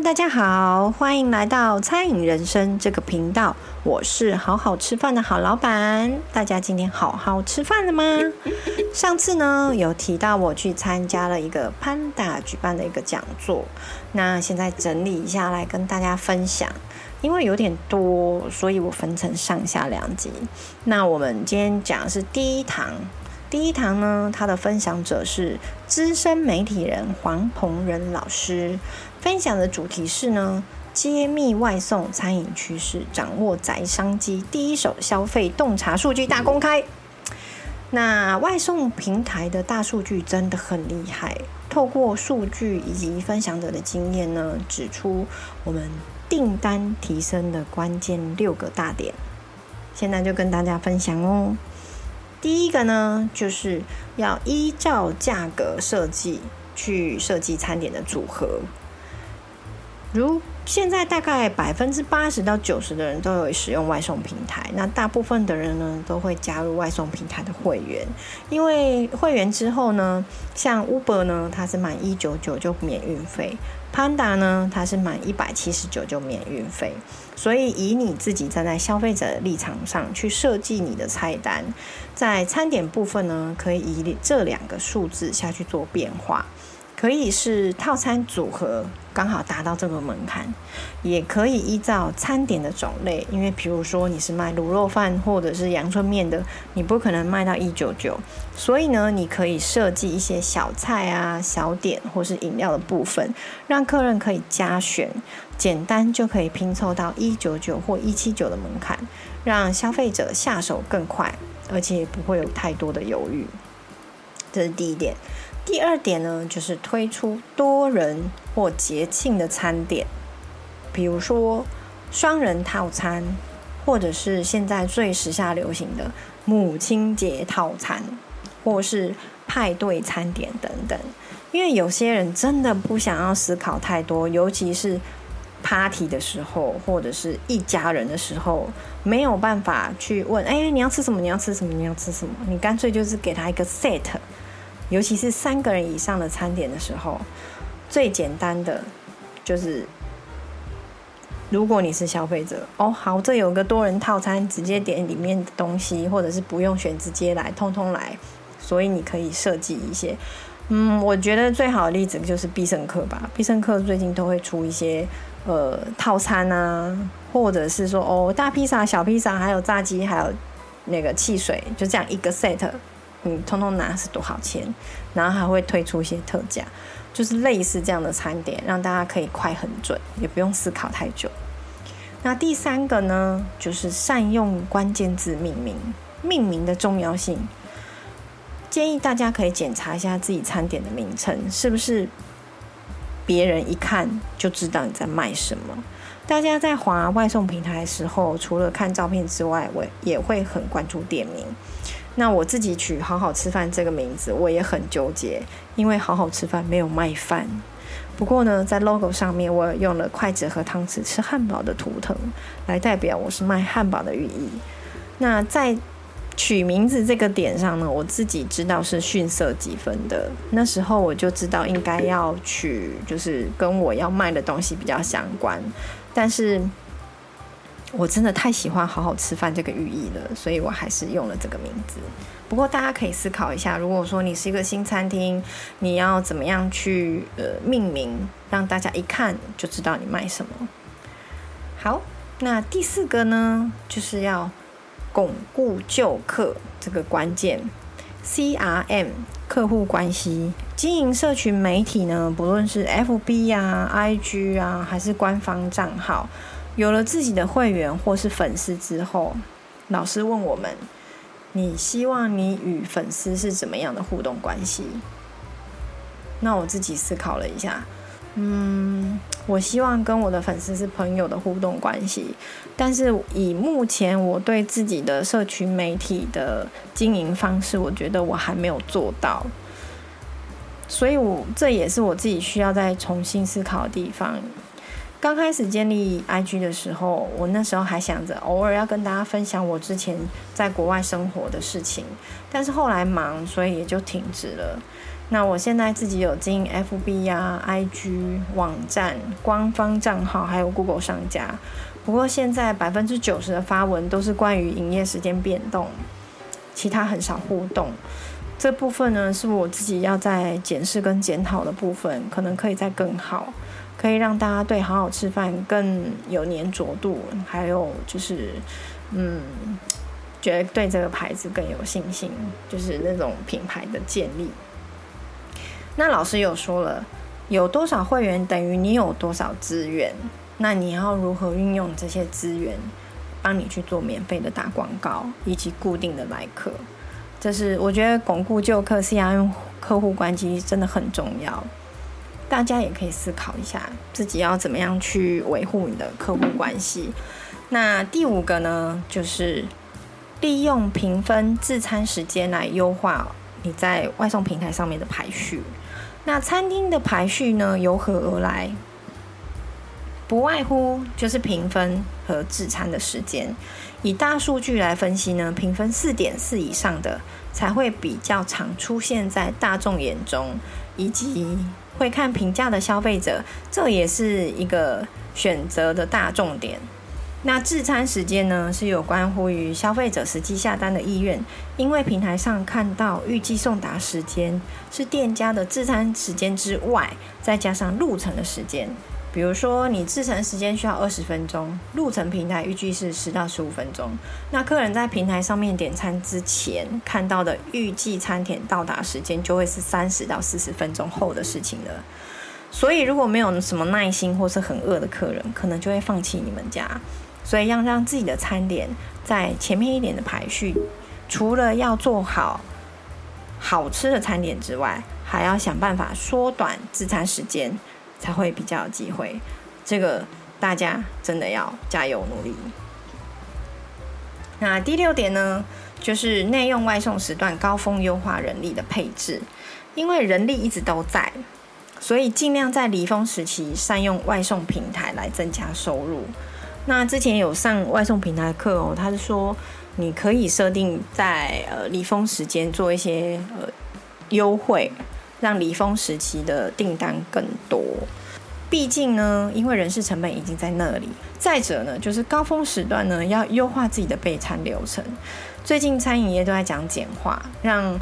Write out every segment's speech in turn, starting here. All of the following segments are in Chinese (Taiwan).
大家好，歡迎來到餐飲人生這個頻道。我是好好吃飯的好老板。大家今天好好吃飯了嗎？上次呢，有提到我去參加了一個 Panda 舉辦的一個講座，那現在整理一下來跟大家分享，因為有點多，所以我分成上下兩集。那我們今天講的是第一堂，第一堂呢，他的分享者是資深媒體人黃鵬仁老師。分享的主題是呢，揭秘外送餐飲趨勢，掌握宅商機，第一手消費洞察數據大公開。那外送平台的大數據真的很厲害，透過數據以及分享者的經驗呢，指出我們訂單提升的關鍵六個大點。現在就跟大家分享哦，第一個呢，就是要依照價格設計去設計餐點的組合。如現在大概百分之八十到九十的人都有使用外送平台，那大部分的人呢都會加入外送平台的會員，因為會員之後呢，像 Uber 呢它是滿一九九就免運費，Panda 呢它是滿一百七十九就免運費，所以以你自己站在消費者的立場上去設計你的菜單，在餐點部分呢可以以這兩個數字下去做變化。可以是套餐組合剛好達到這個門檻，也可以依照餐點的種類，因為比如說你是賣滷肉飯或者是陽春麵的，你不可能賣到一九九，所以呢，你可以設計一些小菜啊、小點或是飲料的部分，讓客人可以加選，簡單就可以拼湊到一九九或一七九的門檻，讓消費者下手更快，而且也不會有太多的猶豫。這是第一點。第二點呢，就是推出多人或節慶的餐點，比如說雙人套餐，或者是現在最時下流行的母親節套餐，或是派對餐點等等。因為有些人真的不想要思考太多，尤其是 party 的時候，或者是一家人的時候，沒有辦法去問：哎、欸，你要吃什麼？你要吃什麼？你要吃什麼？你乾脆就是給他一個 set。尤其是三個人以上的餐點的時候，最簡單的就是，如果你是消費者，哦，好，這有個多人套餐，直接點裡面的東西，或者是不用選，直接來，通通來。所以你可以設計一些，嗯，我覺得最好的例子就是必勝客吧。必勝客最近都會出一些呃套餐啊，或者是說哦大披薩、小披薩，還有炸雞，還有那個汽水，就這樣一個 set。你通通拿是多少錢？然後還會推出一些特價，就是類似這樣的餐點，讓大家可以快很準，也不用思考太久。那第三個呢，就是善用關鍵字命名，命名的重要性。建議大家可以檢查一下自己餐點的名稱，是不是別人一看就知道你在賣什麼？大家在滑外送平台的時候，除了看照片之外，我也會很關注店名。那我自己取“好好吃飯”這個名字，我也很糾結，因為“好好吃飯”沒有賣飯。不過呢，在 logo 上面，我用了筷子和湯匙吃漢堡的圖騰來代表我是賣漢堡的寓意。那在取名字這個點上呢，我自己知道是遜色幾分的。那時候我就知道應該要取，就是跟我要賣的東西比較相關，但是，我真的太喜歡“好好吃飯”這個寓意了，所以我還是用了這個名字。不過大家可以思考一下，如果說你是一個新餐廳，你要怎麼樣去呃命名，讓大家一看就知道你賣什麼？好，那第四個呢，就是要鞏固舊客這個關鍵，CRM 客戶關係經營社群媒體呢，不論是 FB 啊、IG 啊，還是官方賬號。有了自己的會員或是粉絲之後，老師問我們：“你希望你與粉絲是怎麼樣的互動關係？”那我自己思考了一下，嗯，我希望跟我的粉絲是朋友的互動關係。但是以目前我對自己的社群媒體的經營方式，我覺得我還沒有做到，所以我，我這也是我自己需要再重新思考的地方。剛開始建立 IG 的時候，我那時候還想着偶爾要跟大家分享我之前在國外生活的事情，但是後來忙，所以也就停止了。那我現在自己有經營 FB 啊、IG 網站、官方賬號，還有 Google 商家。不過現在百分之九十的發文都是關於營業時間變動，其他很少互動。這部分呢，是我自己要在檢視跟檢討的部分，可能可以再更好。可以讓大家對好好吃飯更有粘着度，還有就是，嗯，覺得對這個牌子更有信心，就是那種品牌的建立。那老師又說了，有多少會員等於你有多少資源，那你要如何運用這些資源，幫你去做免費的打廣告，以及固定的來客，這是我覺得鞏固舊客、CRM 客戶關係真的很重要。大家也可以思考一下，自己要怎麼樣去維護你的客戶關係。那第五個呢，就是利用評分、製餐時間來優化你在外送平台上面的排序。那餐廳的排序呢，由何而來？不外乎就是評分和製餐的時間。以大數據來分析呢，評分四點四以上的才會比較常出現在大眾眼中，以及，會看評價的消費者，這也是一個選擇的大重點。那製餐時間呢，是有關乎於消費者實際下單的意願，因為平台上看到預計送達時間是店家的製餐時間之外，再加上路程的時間。比如說，你製餐時間需要二十分鐘，路程平台預計是十到十五分鐘。那客人在平台上面點餐之前看到的預計餐點到達時間，就會是三十到四十分鐘後的事情了。所以，如果沒有什麼耐心或是很餓的客人，可能就會放棄你們家。所以，要讓自己的餐點在前面一點的排序，除了要做好好吃的餐點之外，還要想辦法縮短製餐時間。才會比較有機會，這個大家真的要加油努力。那第六點呢，就是內用外送時段高峰優化人力的配置，因為人力一直都在，所以儘量在離峰時期善用外送平台來增加收入。那之前有上外送平台課哦，他是說你可以設定在呃離峰時間做一些呃優惠。讓離峰時期的訂單更多，畢竟呢，因為人事成本已經在那裡。再者呢，就是高峰時段呢，要優化自己的備餐流程。最近餐飲業都在講簡化，讓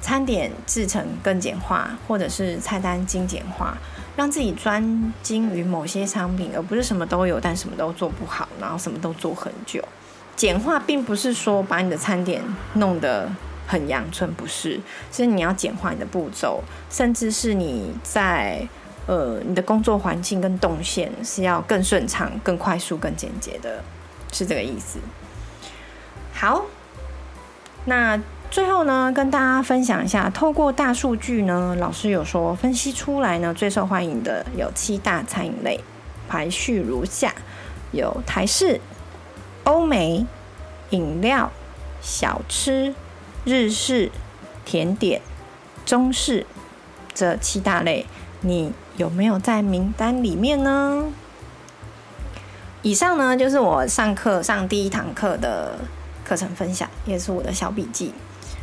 餐點製程更簡化，或者是菜單精簡化，讓自己專精於某些商品，而不是什麼都有，但什麼都做不好，然後什麼都做很久。簡化並不是說把你的餐點弄得很陽春，不是？所以你要簡化你的步驟，甚至是你在呃，你的工作環境跟動線是要更順暢、更快速、更簡潔的，是這個意思。好，那最後呢，跟大家分享一下，透過大數據呢，老師有說分析出來呢，最受歡迎的有七大餐飲類，排序如下：有台式、歐美、飲料、小吃。日式、甜點、中式這七大類，你有沒有在名單裡面呢？以上呢就是我上課上第一堂課的課程分享，也是我的小筆記。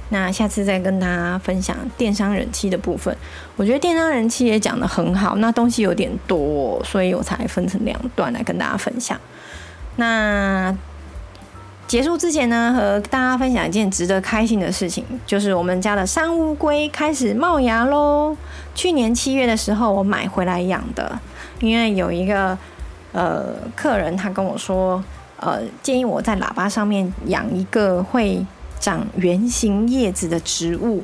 那下次再跟大家分享電商人氣的部分。我覺得電商人氣也講得很好，那東西有點多，所以我才分成兩段來跟大家分享。那。結束之前呢，和大家分享一件值得開心的事情，就是我們家的山烏龜開始冒芽嘍。去年七月的時候，我買回來養的，因為有一個呃客人他跟我說，呃建議我在喇叭上面養一個會長圓形葉子的植物。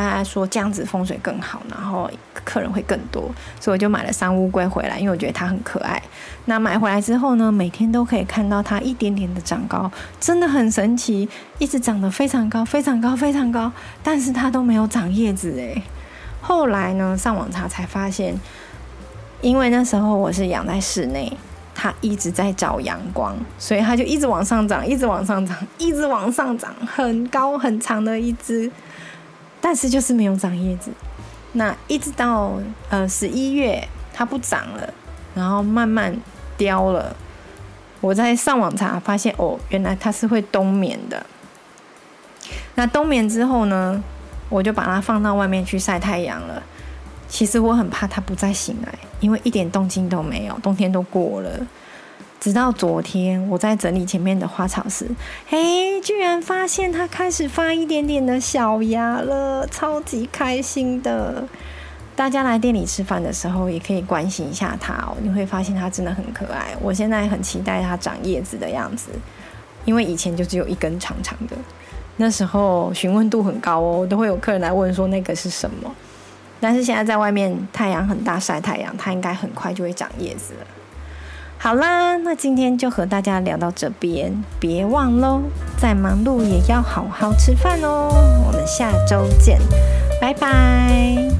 大家說這樣子風水更好，然後客人會更多，所以我就買了三烏龜回來，因為我覺得它很可愛。那買回來之後呢，每天都可以看到它一點點的長高，真的很神奇，一直長得非常高、非常高、非常高，但是它都沒有長葉子誒。後來呢，上網查才發現，因為那時候我是養在室內，它一直在找陽光，所以它就一直往上長，一直往上長，一直往上長，很高很長的一隻。但是就是沒有長葉子，那一直到呃十一月它不長了，然後慢慢凋了。我在上網查發現哦，原來它是會冬眠的。那冬眠之後呢，我就把它放到外面去曬太陽了。其實我很怕它不再醒來，因為一點動靜都沒有，冬天都過了。直到昨天，我在整理前面的花草時，嘿，居然發現它開始發一點點的小芽了，超級開心的！大家來店裡吃飯的時候，也可以關心一下它哦，你會發現它真的很可愛。我現在很期待它長葉子的樣子，因為以前就只有一根長長的，那時候詢問度很高哦，都會有客人來問說那個是什麼。但是現在在外面太陽很大，曬太陽，它應該很快就會長葉子了。好啦，那今天就和大家聊到這邊，別忘嘍，再忙碌也要好好吃飯哦。我們下周見，拜拜。